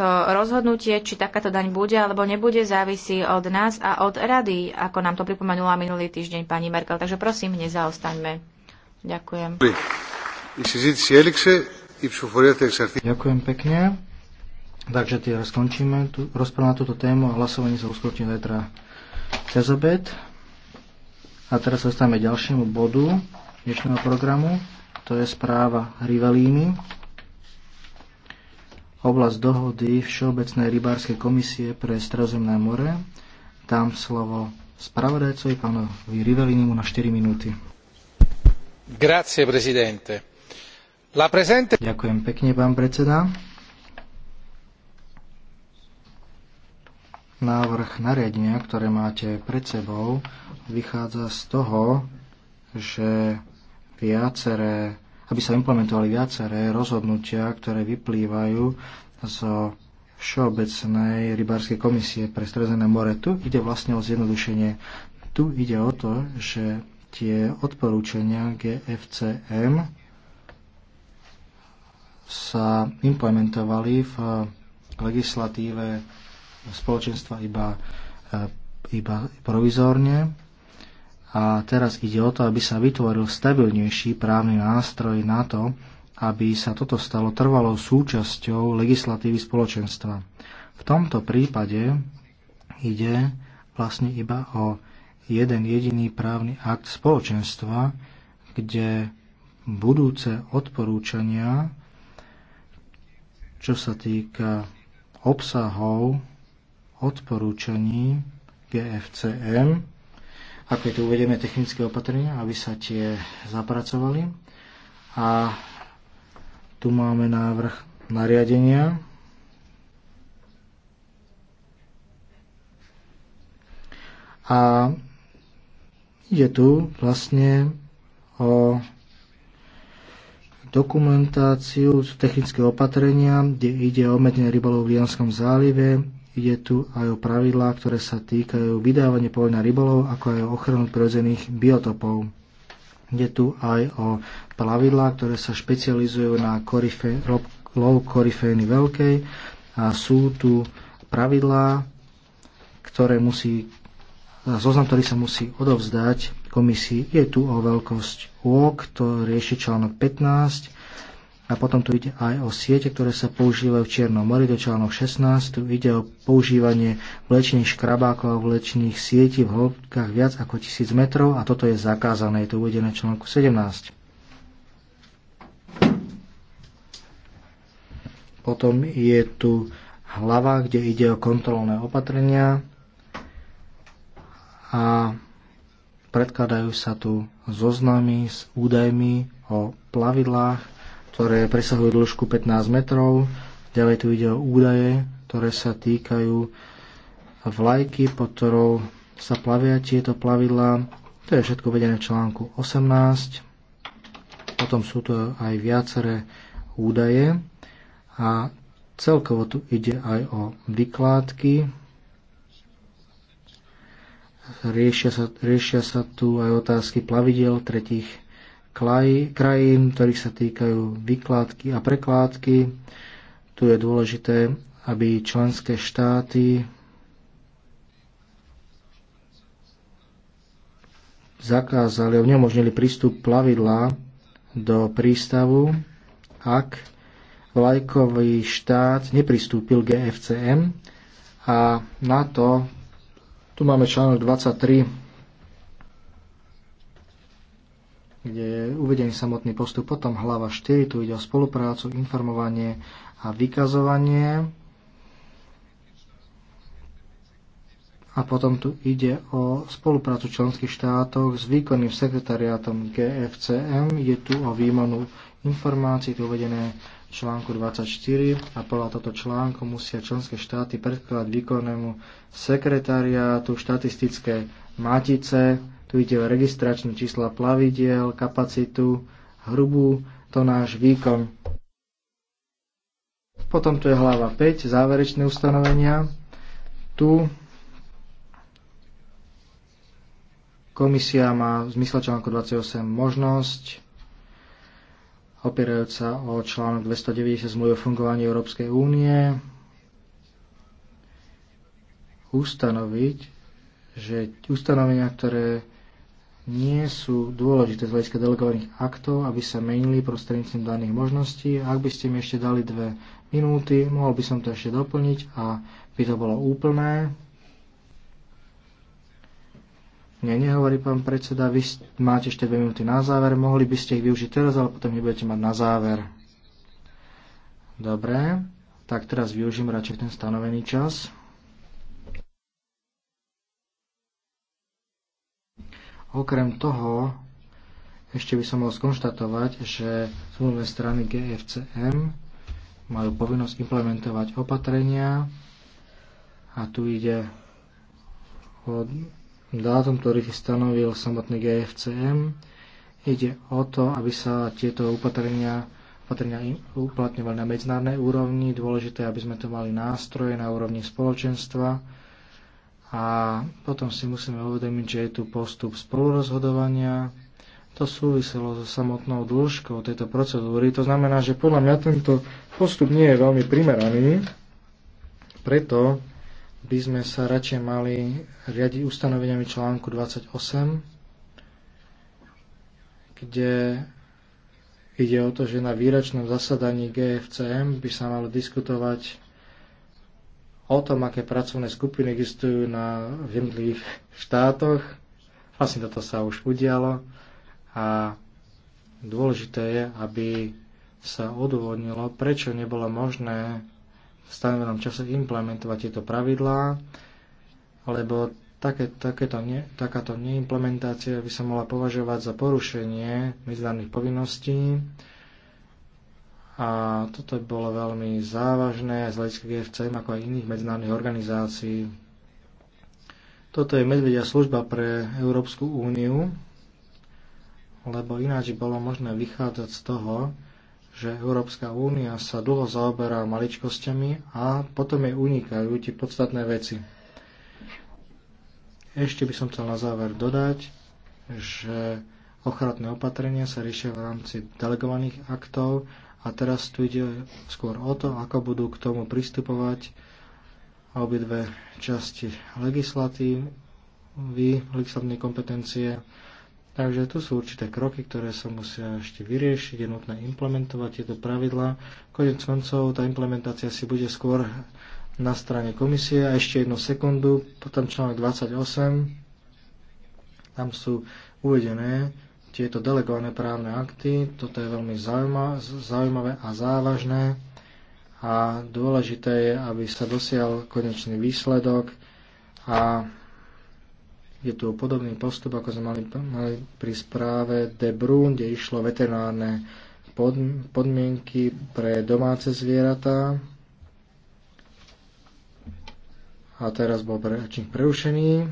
to rozhodnutie, či takáto daň bude alebo nebude, závisí od nás a od rady, ako nám to pripomenula minulý týždeň pani Merkel. Takže prosím, nezaostaňme. Ďakujem. Ďakujem pekne. Takže tie skončíme tu, rozprávu na túto tému a hlasovanie sa uskutoční zajtra cez obed. A teraz sa dostávame ďalšiemu bodu dnešného programu. To je správa Rivalíny oblasť dohody Všeobecnej rybárskej komisie pre Stredozemné more. Dám slovo spravodajcovi pánovi Rivelinimu na 4 minúty. Grazie, La presente... Ďakujem pekne, pán predseda. Návrh nariadenia, ktoré máte pred sebou, vychádza z toho, že viaceré aby sa implementovali viaceré rozhodnutia, ktoré vyplývajú z Všeobecnej rybárskej komisie pre Strezené more. Tu ide vlastne o zjednodušenie. Tu ide o to, že tie odporúčania GFCM sa implementovali v legislatíve spoločenstva iba, e, iba provizórne a teraz ide o to, aby sa vytvoril stabilnejší právny nástroj na to, aby sa toto stalo trvalou súčasťou legislatívy spoločenstva. V tomto prípade ide vlastne iba o jeden jediný právny akt spoločenstva, kde budúce odporúčania, čo sa týka obsahov odporúčaní GFCM, ako je to uvedené, technické opatrenia, aby sa tie zapracovali. A tu máme návrh nariadenia. A ide tu vlastne o dokumentáciu, technického opatrenia, kde ide o medne rybolov v Lianskom zálive, Ide tu aj o pravidlá, ktoré sa týkajú vydávania povolenia rybolov, ako aj o ochranu prirodzených biotopov. Ide tu aj o plavidlá, ktoré sa špecializujú na korifé, lov korifény veľkej a sú tu pravidlá, ktoré musí, zoznam, ktorý sa musí odovzdať komisii. Je tu o veľkosť úok, to rieši článok 15 a potom tu ide aj o siete, ktoré sa používajú v Čiernom mori, do článok 16. Tu ide o používanie vlečných škrabákov a vlečných sietí v hĺbkach viac ako 1000 metrov a toto je zakázané. Je to uvedené v článku 17. Potom je tu hlava, kde ide o kontrolné opatrenia a predkladajú sa tu zoznamy s údajmi o plavidlách, ktoré presahujú dĺžku 15 metrov. Ďalej tu ide o údaje, ktoré sa týkajú vlajky, pod ktorou sa plavia tieto plavidla, To je všetko vedené v článku 18. Potom sú tu aj viaceré údaje a celkovo tu ide aj o vykládky. Riešia sa, riešia sa tu aj otázky plavidel tretich krajín, ktorých sa týkajú vykládky a prekládky. Tu je dôležité, aby členské štáty zakázali alebo prístup plavidla do prístavu, ak vlajkový štát nepristúpil GFCM a na to tu máme článok 23 kde je uvedený samotný postup. Potom hlava 4, tu ide o spoluprácu, informovanie a vykazovanie. A potom tu ide o spoluprácu členských štátov s výkonným sekretariátom GFCM. Je tu o výmonu informácií, tu uvedené v článku 24 a podľa tohto článku musia členské štáty predkladať výkonnému sekretariátu štatistické matice tu ide o registračné čísla plavidiel, kapacitu, hrubú náš výkon. Potom tu je hlava 5, záverečné ustanovenia. Tu komisia má v zmysle článku 28 možnosť opierajúca o článok 290 zmluvy o fungovaní Európskej únie ustanoviť, že ustanovenia, ktoré nie sú dôležité z hľadiska delegovaných aktov, aby sa menili prostredníctvom daných možností. Ak by ste mi ešte dali dve minúty, mohol by som to ešte doplniť a by to bolo úplné. Nie, nehovorí pán predseda, vy máte ešte dve minúty na záver, mohli by ste ich využiť teraz, ale potom ich budete mať na záver. Dobre, tak teraz využijem radšej ten stanovený čas. Okrem toho, ešte by som mohol skonštatovať, že zmluvné strany GFCM majú povinnosť implementovať opatrenia a tu ide o dátum, ktorý stanovil samotný GFCM. Ide o to, aby sa tieto opatrenia, opatrenia uplatňovali na medzinárodnej úrovni. Dôležité, aby sme tu mali nástroje na úrovni spoločenstva, a potom si musíme uvedomiť, že je tu postup spolurozhodovania. To súviselo so samotnou dĺžkou tejto procedúry. To znamená, že podľa mňa tento postup nie je veľmi primeraný. Preto by sme sa radšej mali riadiť ustanoveniami článku 28, kde ide o to, že na výračnom zasadaní GFCM by sa malo diskutovať o tom, aké pracovné skupiny existujú na jednotlivých štátoch. Vlastne toto sa už udialo a dôležité je, aby sa odôvodnilo, prečo nebolo možné v stanovenom čase implementovať tieto pravidlá, lebo také, takéto ne, takáto neimplementácia by sa mohla považovať za porušenie medzinárodných povinností a toto bolo veľmi závažné z hľadiska GFCM ako aj iných medzinárodných organizácií. Toto je medvedia služba pre Európsku úniu, lebo ináč bolo možné vychádzať z toho, že Európska únia sa dlho zaoberá maličkosťami a potom jej unikajú tie podstatné veci. Ešte by som chcel na záver dodať, že ochranné opatrenia sa riešia v rámci delegovaných aktov a teraz tu ide skôr o to, ako budú k tomu pristupovať obidve časti legislatívy, legislatívnej kompetencie. Takže tu sú určité kroky, ktoré sa musia ešte vyriešiť, je nutné implementovať tieto pravidlá. Konec koncov tá implementácia si bude skôr na strane komisie. A ešte jednu sekundu, potom článok 28, tam sú uvedené tieto delegované právne akty. Toto je veľmi zaujímavé a závažné a dôležité je, aby sa dosial konečný výsledok a je tu podobný postup, ako sme mali, mali pri správe De Brun, kde išlo veterinárne pod, podmienky pre domáce zvieratá. A teraz bol prečník prerušený.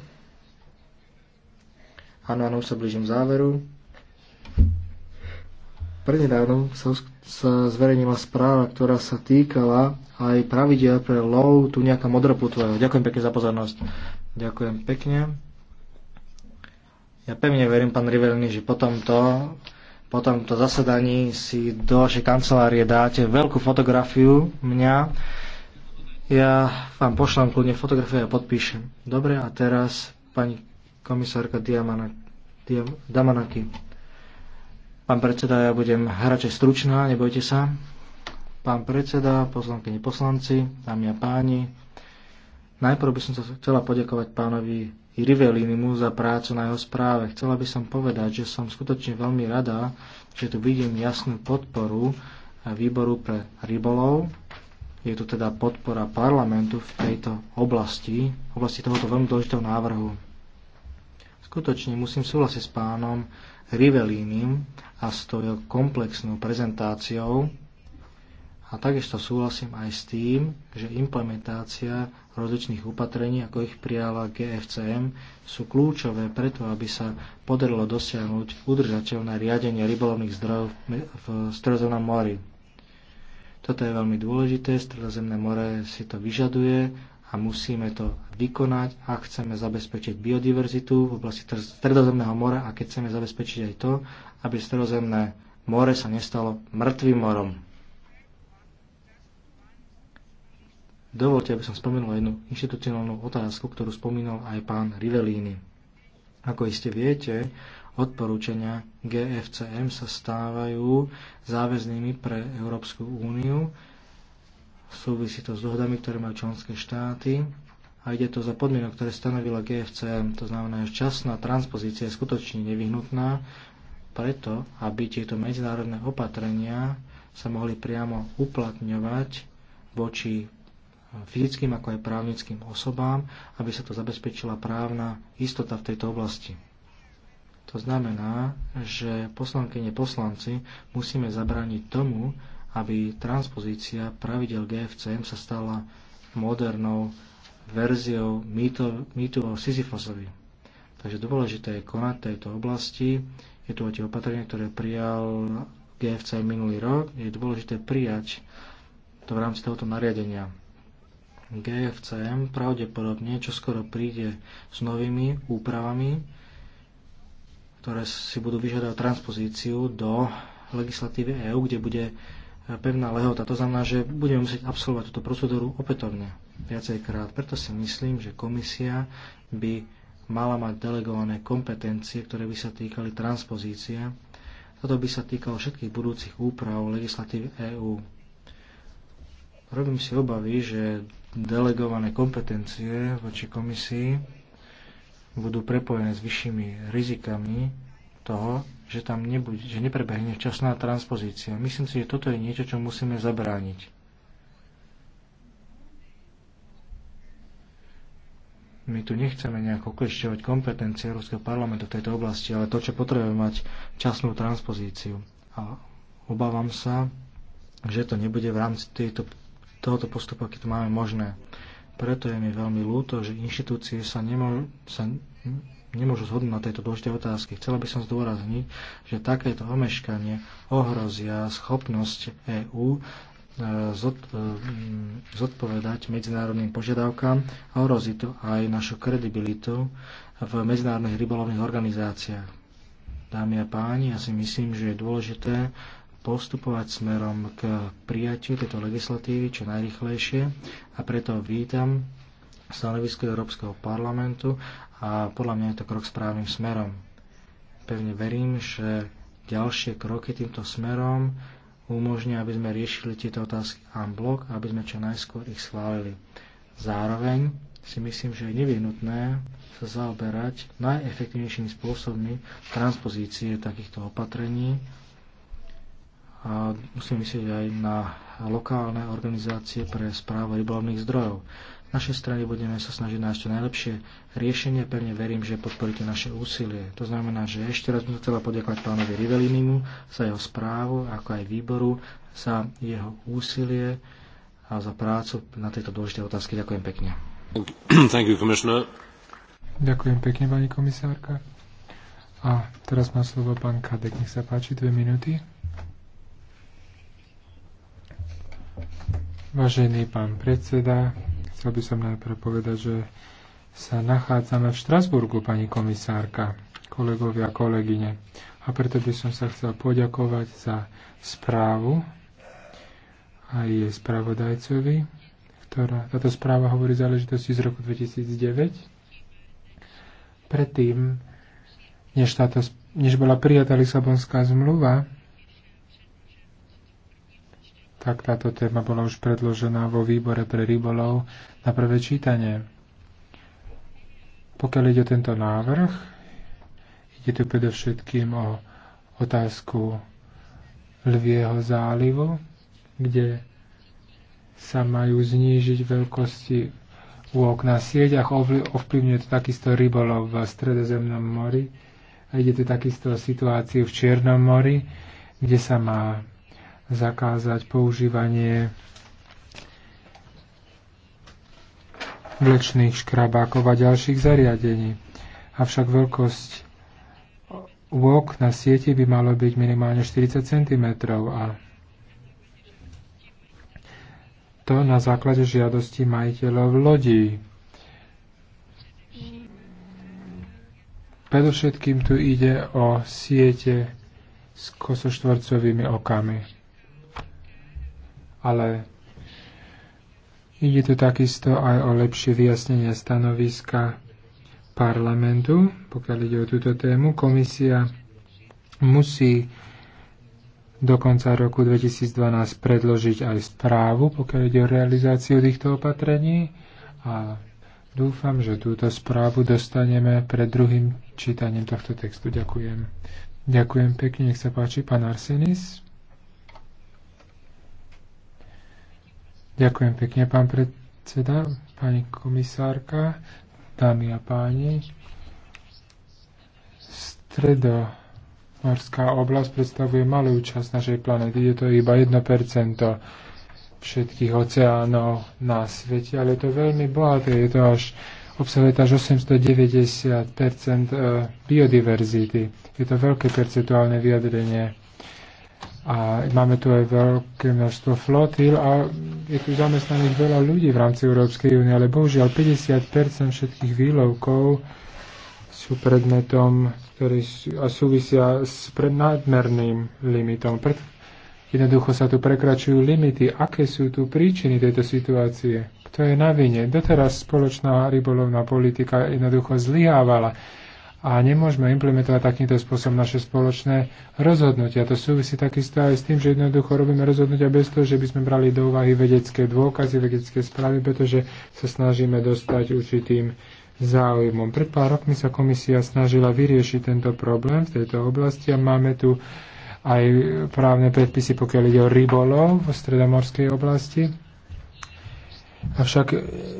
Áno, áno, už sa blížim záveru. Prednedávnom sa, sa zverejnila správa, ktorá sa týkala aj pravidel pre lov tu nejaká modroplutvého. Ďakujem pekne za pozornosť. Ďakujem pekne. Ja pevne verím, pán Rivelny, že po tomto, po tomto zasadaní si do vašej kancelárie dáte veľkú fotografiu mňa. Ja vám pošlám kľudne fotografiu a podpíšem. Dobre, a teraz pani komisárka Diamana, Diam, Damanaki. Pán predseda, ja budem hračej stručná, nebojte sa. Pán predseda, poslankyni poslanci, dámy a páni, najprv by som sa chcela poďakovať pánovi Rivelinimu za prácu na jeho správe. Chcela by som povedať, že som skutočne veľmi rada, že tu vidím jasnú podporu výboru pre rybolov. Je tu teda podpora parlamentu v tejto oblasti, v oblasti tohoto veľmi dôležitého návrhu. Skutočne musím súhlasiť s pánom Rivelínim a s tou jeho komplexnou prezentáciou a takisto súhlasím aj s tým, že implementácia rozličných opatrení, ako ich prijala GFCM, sú kľúčové preto, aby sa podarilo dosiahnuť udržateľné riadenie rybolovných zdrojov v Stredozemnom mori. Toto je veľmi dôležité, Stredozemné more si to vyžaduje a musíme to vykonať, ak chceme zabezpečiť biodiverzitu v oblasti Stredozemného mora a keď chceme zabezpečiť aj to, aby Stredozemné more sa nestalo mŕtvým morom. Dovolte, aby som spomenul jednu inštitucionálnu otázku, ktorú spomínal aj pán Rivelini. Ako iste viete, odporúčania GFCM sa stávajú záväznými pre Európsku úniu súvisí to s dohodami, ktoré majú členské štáty a ide to za podmienok, ktoré stanovila GFCM. To znamená, že časná transpozícia je skutočne nevyhnutná preto, aby tieto medzinárodné opatrenia sa mohli priamo uplatňovať voči fyzickým ako aj právnickým osobám, aby sa to zabezpečila právna istota v tejto oblasti. To znamená, že poslankyne poslanci musíme zabrániť tomu, aby transpozícia pravidel GFCM sa stala modernou verziou mýtu, o Sisyfosovi. Takže dôležité je konať tejto oblasti. Je tu tie opatrenie, ktoré prijal GFC minulý rok. Je dôležité prijať to v rámci tohoto nariadenia. GFCM pravdepodobne čo skoro príde s novými úpravami, ktoré si budú vyžadať transpozíciu do legislatívy EÚ, kde bude pevná lehota. To znamená, že budeme musieť absolvovať túto procedúru opätovne viacejkrát. Preto si myslím, že komisia by mala mať delegované kompetencie, ktoré by sa týkali transpozície. Toto by sa týkalo všetkých budúcich úprav legislatív EÚ. Robím si obavy, že delegované kompetencie voči komisii budú prepojené s vyššími rizikami toho, že tam nebude, že neprebehne včasná transpozícia. Myslím si, že toto je niečo, čo musíme zabrániť. My tu nechceme nejako okliešťovať kompetencie Európskeho parlamentu v tejto oblasti, ale to, čo potrebujeme mať časnú transpozíciu. A obávam sa, že to nebude v rámci tejto, tohoto postupu, keď to máme možné. Preto je mi veľmi ľúto, že inštitúcie sa, nemo, sa nemôžu zhodnúť na tejto dôležitej otázky. Chcela by som zdôrazniť, že takéto omeškanie ohrozia schopnosť EÚ e, e, zodpovedať medzinárodným požiadavkám a ohrozí to aj našu kredibilitu v medzinárodných rybolovných organizáciách. Dámy a páni, ja si myslím, že je dôležité postupovať smerom k prijatiu tejto legislatívy čo najrychlejšie a preto vítam stanovisko Európskeho parlamentu a podľa mňa je to krok správnym smerom. Pevne verím, že ďalšie kroky týmto smerom umožnia, aby sme riešili tieto otázky en blok, aby sme čo najskôr ich schválili. Zároveň si myslím, že je nevyhnutné sa zaoberať najefektívnejšími spôsobmi transpozície takýchto opatrení a musím myslieť aj na lokálne organizácie pre správu rybolovných zdrojov našej strany budeme sa snažiť nájsť to najlepšie riešenie. Pevne verím, že podporíte naše úsilie. To znamená, že ešte raz by som chcela poďakovať pánovi Rivelinimu za jeho správu, ako aj výboru, za jeho úsilie a za prácu na tejto dôležité otázky. Ďakujem pekne. Thank you, Ďakujem pekne, pani komisárka. A teraz má slovo pán Kadek. Nech sa páči, dve minúty. Vážený pán predseda, Chcel by som najprv povedať, že sa nachádzame v Štrasburgu, pani komisárka, kolegovia a kolegyne. A preto by som sa chcel poďakovať za správu aj jej spravodajcovi, ktorá, táto správa hovorí záležitosti z roku 2009. Predtým, než, táto, než bola prijatá Lisabonská zmluva, tak táto téma bola už predložená vo výbore pre rybolov na prvé čítanie. Pokiaľ ide o tento návrh, ide tu predovšetkým o otázku Lvieho zálivu, kde sa majú znížiť veľkosti úok na sieťach, ovplyvňuje to takisto rybolov v Stredozemnom mori a ide tu takisto o situáciu v Čiernom mori, kde sa má zakázať používanie vlečných škrabákov a ďalších zariadení. Avšak veľkosť vok na sieti by malo byť minimálne 40 cm a to na základe žiadosti majiteľov lodí. Predovšetkým tu ide o siete s kosoštvorcovými okami ale ide tu takisto aj o lepšie vyjasnenie stanoviska parlamentu, pokiaľ ide o túto tému. Komisia musí do konca roku 2012 predložiť aj správu, pokiaľ ide o realizáciu týchto opatrení a dúfam, že túto správu dostaneme pred druhým čítaním tohto textu. Ďakujem. Ďakujem pekne, nech sa páči, pán Arsenis. Ďakujem pekne, pán predseda, pani komisárka, dámy a páni. Stredo Morská oblasť predstavuje malú časť našej planéty. Je to iba 1% všetkých oceánov na svete, ale je to veľmi bohaté. Je to až obsahuje až 890% eh, biodiverzity. Je to veľké percentuálne vyjadrenie a máme tu aj veľké množstvo flotil a je tu zamestnaných veľa ľudí v rámci Európskej únie, ale bohužiaľ 50% všetkých výlovkov sú predmetom, ktorý súvisia s prednadmerným limitom. jednoducho sa tu prekračujú limity. Aké sú tu príčiny tejto situácie? Kto je na vine? Doteraz spoločná rybolovná politika jednoducho zlyhávala a nemôžeme implementovať takýmto spôsobom naše spoločné rozhodnutia. To súvisí takisto aj s tým, že jednoducho robíme rozhodnutia bez toho, že by sme brali do úvahy vedecké dôkazy, vedecké správy, pretože sa snažíme dostať určitým záujmom. Pred pár rokmi sa komisia snažila vyriešiť tento problém v tejto oblasti a máme tu aj právne predpisy, pokiaľ ide o rybolov v stredomorskej oblasti. Avšak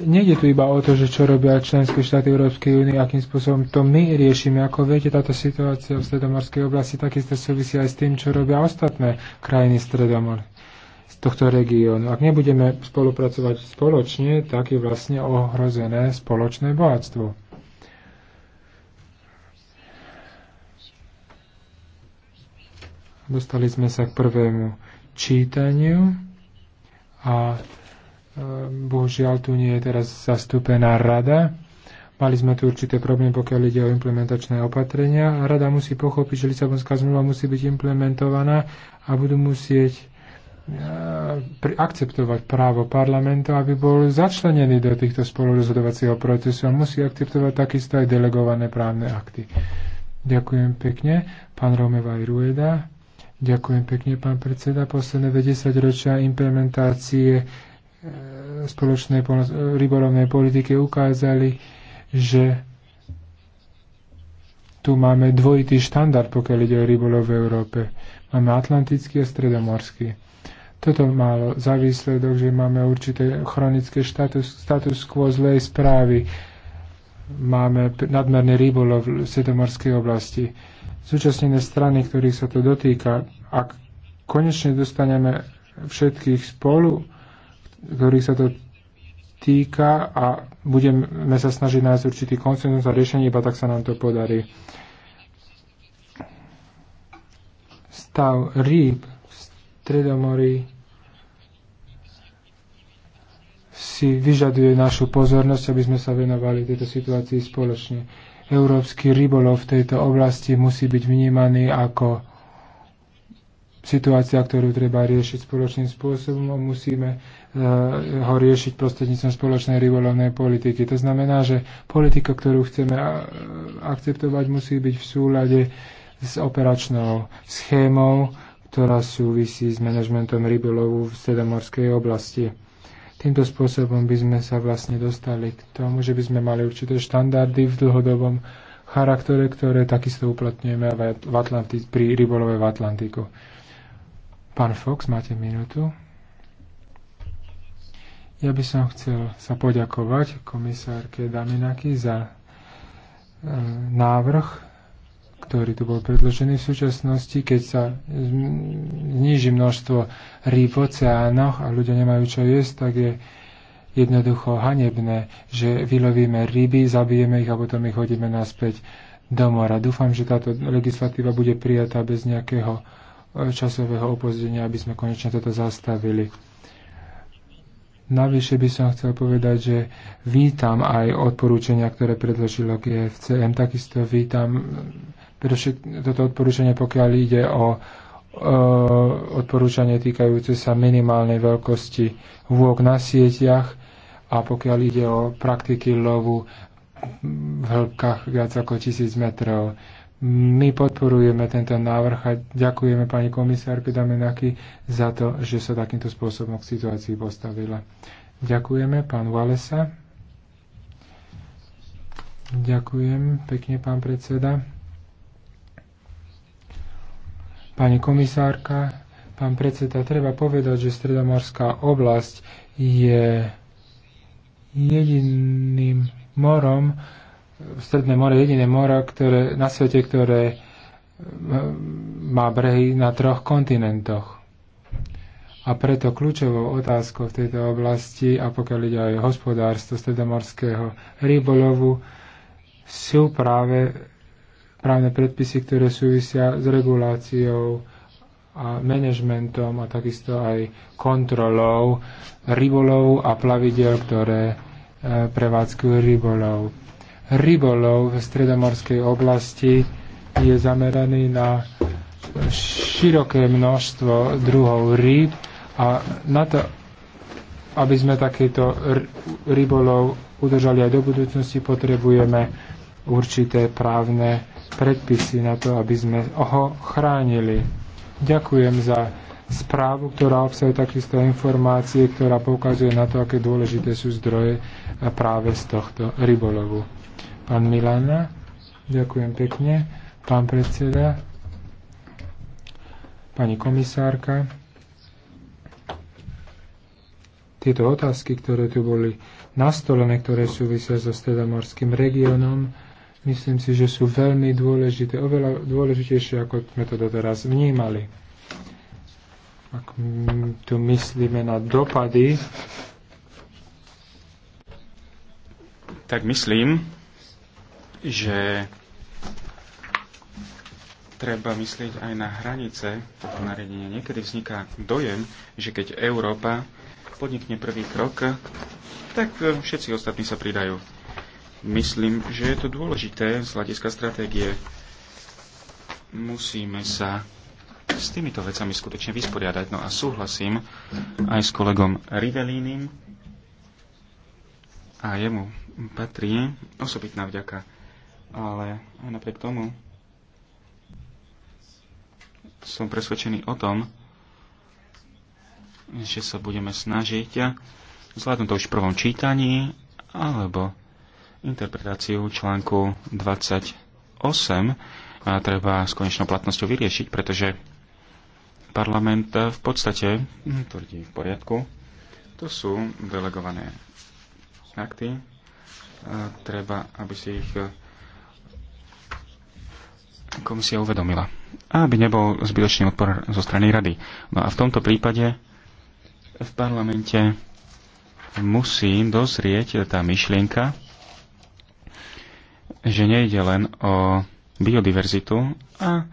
nejde tu iba o to, že čo robia členské štáty Európskej únie, akým spôsobom to my riešime. Ako viete, táto situácia v stredomorskej oblasti takisto súvisí aj s tým, čo robia ostatné krajiny stredomor z tohto regiónu. Ak nebudeme spolupracovať spoločne, tak je vlastne ohrozené spoločné bohatstvo. Dostali sme sa k prvému čítaniu a Bohužiaľ tu nie je teraz zastúpená rada. Mali sme tu určité problémy, pokiaľ ide o implementačné opatrenia. Rada musí pochopiť, že Lisabonská zmluva musí byť implementovaná a budú musieť e, akceptovať právo parlamentu, aby bol začlenený do týchto spolurozhodovacieho procesu a musí akceptovať takisto aj delegované právne akty. Ďakujem pekne, pán Romeva Rueda. Ďakujem pekne, pán predseda. Posledné 10 ročia implementácie spoločnej rybolovnej politike ukázali, že tu máme dvojitý štandard, pokiaľ ide o rybolov v Európe. Máme atlantický a stredomorský. Toto malo za výsledok, že máme určité chronické status, status quo zlej správy. Máme nadmerný rybolov v stredomorskej oblasti. Zúčastnené strany, ktorých sa to dotýka, ak konečne dostaneme všetkých spolu, ktorých sa to týka a budeme sa snažiť nájsť určitý konsenzus a riešenie, iba tak sa nám to podarí. Stav rýb v Stredomorí si vyžaduje našu pozornosť, aby sme sa venovali tejto situácii spoločne. Európsky rybolov v tejto oblasti musí byť vnímaný ako situácia, ktorú treba riešiť spoločným spôsobom a musíme eh, ho riešiť prostredníctvom spoločnej rybolovnej politiky. To znamená, že politika, ktorú chceme eh, akceptovať, musí byť v súlade s operačnou schémou, ktorá súvisí s manažmentom rybolovu v sedomorskej oblasti. Týmto spôsobom by sme sa vlastne dostali k tomu, že by sme mali určité štandardy v dlhodobom charaktere, ktoré takisto uplatňujeme v Atlanti- pri rybolove v Atlantiku. Pán Fox, máte minútu. Ja by som chcel sa poďakovať komisárke Daminaky za e, návrh, ktorý tu bol predložený v súčasnosti, keď sa zníži množstvo rýb v oceánoch a ľudia nemajú čo jesť, tak je jednoducho hanebné, že vylovíme ryby, zabijeme ich a potom ich hodíme naspäť do mora. Dúfam, že táto legislatíva bude prijatá bez nejakého časového opozdenia, aby sme konečne toto zastavili. Navyše by som chcel povedať, že vítam aj odporúčania, ktoré predložilo GFCM. Takisto vítam eh, toto odporúčanie, pokiaľ ide o eh, odporúčanie týkajúce sa minimálnej veľkosti vôk na sieťach a pokiaľ ide o praktiky lovu v hĺbkach viac ako tisíc metrov. My podporujeme tento návrh a ďakujeme pani komisárke Damenaki za to, že sa takýmto spôsobom k situácii postavila. Ďakujeme, pán Walesa. Ďakujem pekne, pán predseda. Pani komisárka, pán predseda, treba povedať, že Stredomorská oblasť je jediným morom, Stredné more je jediné more ktoré, na svete, ktoré eh, má brehy na troch kontinentoch. A preto kľúčovou otázkou v tejto oblasti, a pokiaľ ide aj hospodárstvo stredomorského rybolovu, sú práve právne predpisy, ktoré súvisia s reguláciou a manažmentom a takisto aj kontrolou rybolovu a plavidel, ktoré eh, prevádzkujú rybolov rybolov v stredomorskej oblasti je zameraný na široké množstvo druhov rýb a na to, aby sme takýto rybolov udržali aj do budúcnosti, potrebujeme určité právne predpisy na to, aby sme ho chránili. Ďakujem za správu, ktorá obsahuje takisto informácie, ktorá poukazuje na to, aké dôležité sú zdroje práve z tohto rybolovu. Pán Milana, ďakujem pekne. Pán predseda, pani komisárka, tieto otázky, ktoré tu boli nastolené, ktoré súvisia so stredomorským regiónom, myslím si, že sú veľmi dôležité, oveľa dôležitejšie, ako sme to doteraz vnímali. Ak tu myslíme na dopady, tak myslím, že treba myslieť aj na hranice toto nariadenia. Niekedy vzniká dojem, že keď Európa podnikne prvý krok, tak e, všetci ostatní sa pridajú. Myslím, že je to dôležité z hľadiska stratégie. Musíme sa s týmito vecami skutočne vysporiadať. No a súhlasím aj s kolegom Rivelínim a jemu patrí osobitná vďaka ale aj napriek tomu som presvedčený o tom, že sa budeme snažiť zvládnuť to už v prvom čítaní alebo interpretáciu článku 28 a treba s konečnou platnosťou vyriešiť, pretože parlament v podstate tvrdí v poriadku. To sú delegované akty. A treba, aby si ich komisia uvedomila. A aby nebol zbytočný odpor zo strany rady. No a v tomto prípade v parlamente musí dozrieť tá myšlienka, že nejde len o biodiverzitu a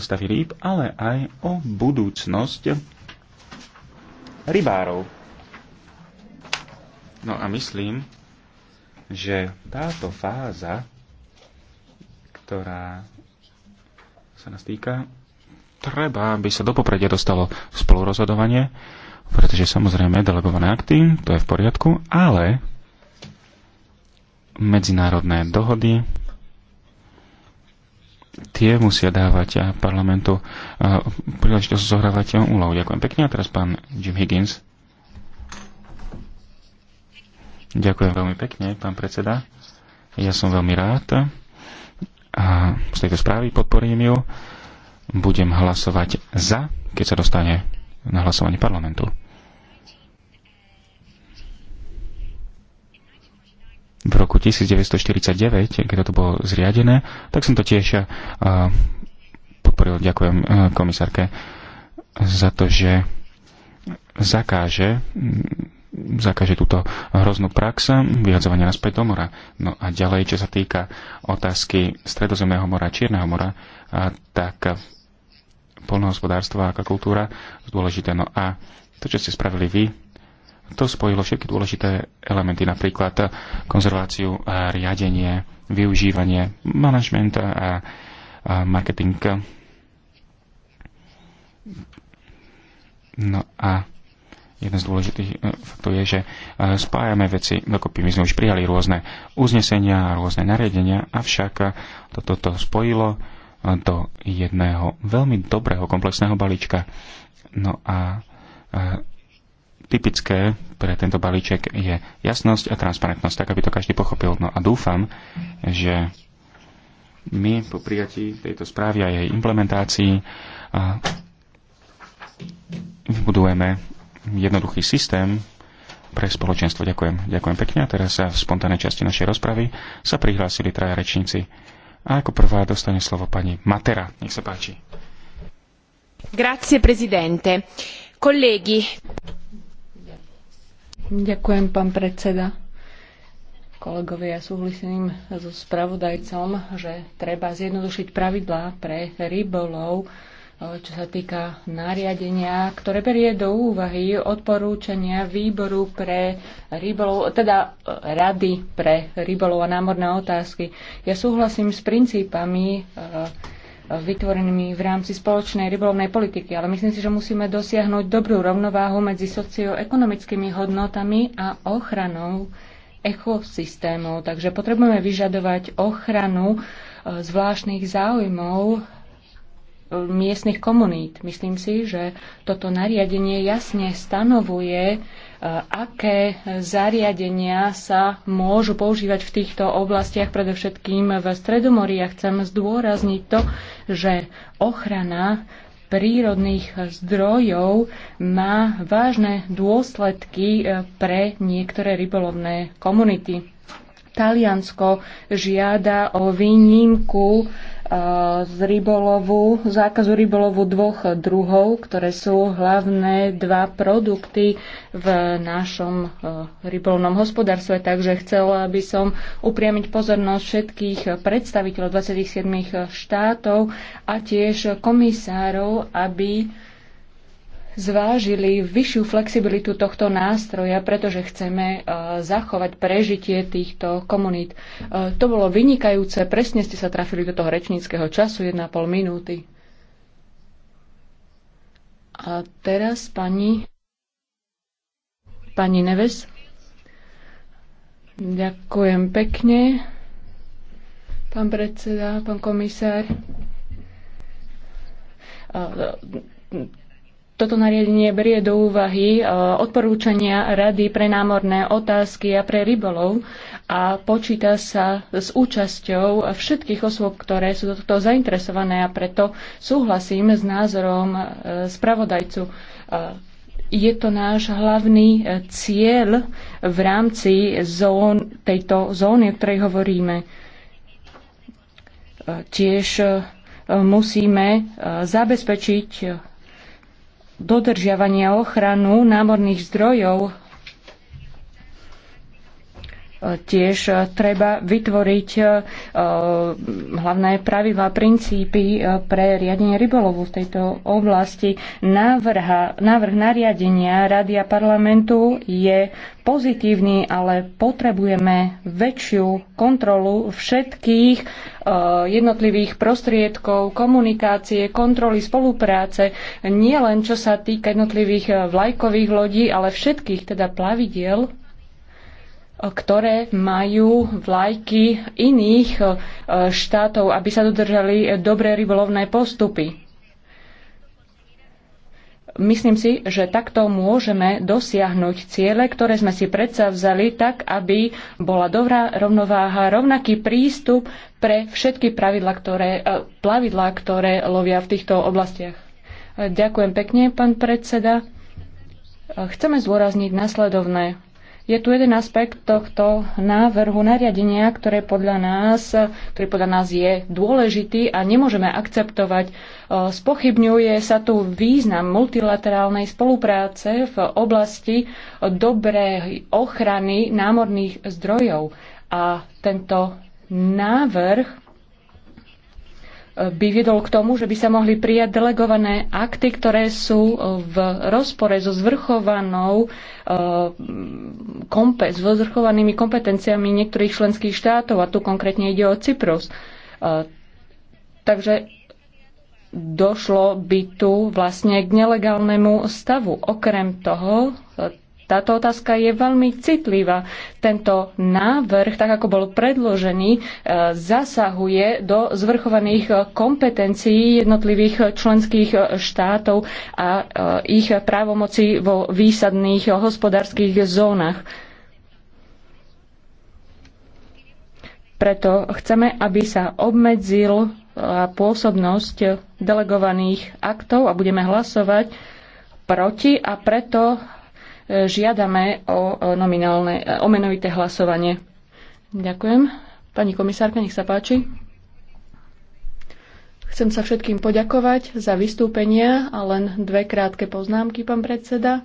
stavy rýb, ale aj o budúcnosť rybárov. No a myslím, že táto fáza, ktorá sa nás týka, treba, aby sa do popredia dostalo spolurozhodovanie, pretože samozrejme delegované akty, to je v poriadku, ale medzinárodné dohody, tie musia dávať parlamentu príležitosť zohrávať úlohu. Ďakujem pekne. A teraz pán Jim Higgins. Ďakujem veľmi pekne, pán predseda. Ja som veľmi rád, a z tejto správy podporím ju. Budem hlasovať za, keď sa dostane na hlasovanie parlamentu. v roku 1949, keď to bolo zriadené, tak som to tiež eh, podporil. Ďakujem eh, komisárke za to, že zakáže mm, zakaže túto hroznú prax vyhadzovania naspäť do mora. No a ďalej, čo sa týka otázky Stredozemného mora, Čierneho mora, tak polnohospodárstvo a akvakultúra sú dôležité. No a to, čo ste spravili vy, to spojilo všetky dôležité elementy, napríklad konzerváciu, a riadenie, využívanie, manažment a, a marketing. No a jeden z dôležitých eh, faktov je, že eh, spájame veci dokopy. My sme už prijali rôzne uznesenia a rôzne nariadenia, avšak eh, toto to, to spojilo do jedného veľmi dobrého komplexného balíčka. No a typické pre tento balíček je jasnosť a transparentnosť, tak aby to každý pochopil. No a dúfam, že my po prijatí tejto správy a jej implementácii vybudujeme jednoduchý systém pre spoločenstvo. Ďakujem. Ďakujem pekne. A teraz sa v spontánnej časti našej rozpravy sa prihlásili traja rečníci. A ako prvá dostane slovo pani Matera. Nech sa páči. Grazie, prezidente. Kolegi. Ďakujem, pán predseda. Kolegovia, ja súhlasím so spravodajcom, že treba zjednodušiť pravidlá pre rybolov čo sa týka nariadenia, ktoré berie do úvahy odporúčania výboru pre rybolov, teda e, rady pre rybolov a námorné otázky. Ja súhlasím s princípami e, vytvorenými v rámci spoločnej rybolovnej politiky, ale myslím si, že musíme dosiahnuť dobrú rovnováhu medzi socioekonomickými hodnotami a ochranou ekosystémov. Takže potrebujeme vyžadovať ochranu e, zvláštnych záujmov miestnych komunít. Myslím si, že toto nariadenie jasne stanovuje, e, aké zariadenia sa môžu používať v týchto oblastiach, predovšetkým v Stredomorí. Ja chcem zdôrazniť to, že ochrana prírodných zdrojov má vážne dôsledky e, pre niektoré rybolovné komunity. Taliansko žiada o výnimku uh, z rybolovu, zákazu rybolovu dvoch druhov, ktoré sú hlavné dva produkty v našom uh, rybolovnom hospodárstve. Takže chcela by som upriamiť pozornosť všetkých predstaviteľov 27 štátov a tiež komisárov, aby zvážili vyššiu flexibilitu tohto nástroja, pretože chceme e, zachovať prežitie týchto komunít. E, to bolo vynikajúce, presne ste sa trafili do toho rečníckého času, 1,5 minúty. A teraz pani, pani Neves. Ďakujem pekne. Pán predseda, pán komisár e, toto nariadenie berie do úvahy e, odporúčania Rady pre námorné otázky a pre rybolov a počíta sa s účasťou všetkých osôb, ktoré sú do toho zainteresované a preto súhlasím s názorom e, spravodajcu. E, je to náš hlavný cieľ v rámci zón, tejto zóny, o ktorej hovoríme. Tiež musíme zabezpečiť dodržiavania a ochranu námorných zdrojov tiež treba vytvoriť e, hlavné pravidlá, princípy e, pre riadenie rybolovu v tejto oblasti. Návrha, návrh nariadenia Rady a parlamentu je pozitívny, ale potrebujeme väčšiu kontrolu všetkých e, jednotlivých prostriedkov, komunikácie, kontroly, spolupráce, nielen čo sa týka jednotlivých vlajkových lodí, ale všetkých teda plavidiel ktoré majú vlajky iných e, štátov, aby sa dodržali dobré rybolovné postupy. Myslím si, že takto môžeme dosiahnuť ciele, ktoré sme si predsa vzali tak, aby bola dobrá rovnováha, rovnaký prístup pre všetky pravidla, ktoré, e, plavidla, ktoré lovia v týchto oblastiach. E, ďakujem pekne, pán predseda. Chceme zdôrazniť nasledovné je tu jeden aspekt tohto návrhu nariadenia, ktoré podľa nás, ktorý podľa nás je dôležitý a nemôžeme akceptovať. E, spochybňuje sa tu význam multilaterálnej spolupráce v oblasti dobrej ochrany námorných zdrojov. A tento návrh by viedol k tomu, že by sa mohli prijať delegované akty, ktoré sú e, v rozpore so zvrchovanou e, kompe, s zvrchovanými kompetenciami niektorých členských štátov, a tu konkrétne ide o Cyprus. E, takže došlo by tu vlastne k nelegálnemu stavu. Okrem toho, táto otázka je veľmi citlivá. Tento návrh, tak ako bol predložený, e, zasahuje do zvrchovaných e, kompetencií jednotlivých e, členských štátov a ich právomocí vo výsadných hospodárskych zónach. Preto chceme, aby sa obmedzil pôsobnosť delegovaných aktov a budeme hlasovať proti a preto žiadame o, nominálne, o menovité hlasovanie. Ďakujem. Pani komisárka, nech sa páči. Chcem sa všetkým poďakovať za vystúpenia a len dve krátke poznámky, pán predseda.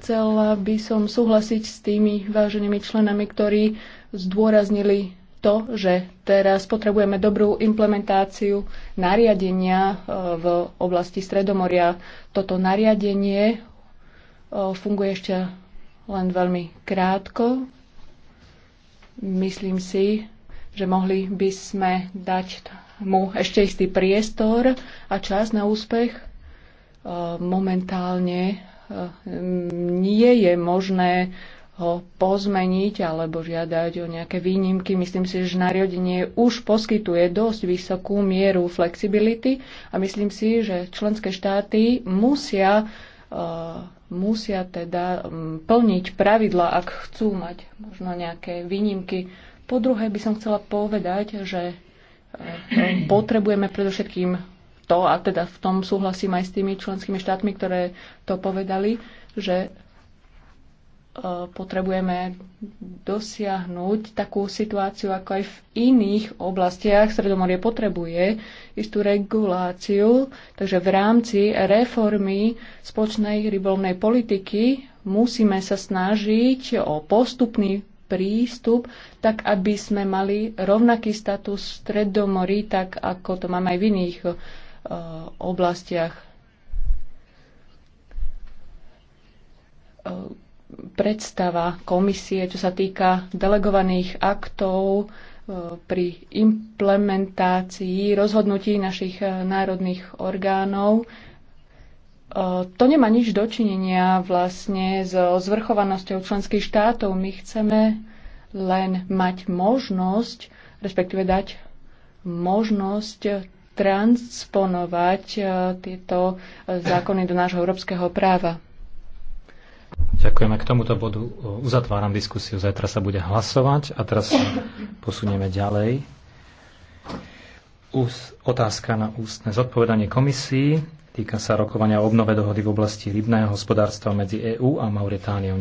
Chcela by som súhlasiť s tými váženými členami, ktorí zdôraznili to, že teraz potrebujeme dobrú implementáciu nariadenia e, v oblasti Stredomoria. Toto nariadenie funguje ešte len veľmi krátko. Myslím si, že mohli by sme dať mu ešte istý priestor a čas na úspech. Momentálne nie je možné ho pozmeniť alebo žiadať o nejaké výnimky. Myslím si, že nariadenie už poskytuje dosť vysokú mieru flexibility a myslím si, že členské štáty musia Eh, musia teda mm, plniť pravidla, ak chcú mať možno nejaké výnimky. Po druhé by som chcela povedať, že eh, potrebujeme predovšetkým to, a teda v tom súhlasím aj s tými členskými štátmi, ktoré to povedali, že Eh, potrebujeme dosiahnuť takú situáciu, ako aj v iných oblastiach. Stredomorie potrebuje istú reguláciu, takže v rámci reformy spoločnej rybolovnej politiky musíme sa snažiť o postupný prístup, tak aby sme mali rovnaký status stredomorí, tak ako to máme aj v iných eh, oblastiach. Eh, predstava komisie, čo sa týka delegovaných aktov e, pri implementácii rozhodnutí našich e, národných orgánov. E, to nemá nič dočinenia vlastne s zvrchovanosťou členských štátov. My chceme len mať možnosť, respektíve dať možnosť transponovať tieto zákony do nášho európskeho práva. Ďakujeme. K tomuto bodu uzatváram diskusiu. Zajtra sa bude hlasovať a teraz sa posunieme ďalej. Ús, otázka na ústne zodpovedanie komisii. Týka sa rokovania o obnove dohody v oblasti rybného hospodárstva medzi EÚ a Mauritániou.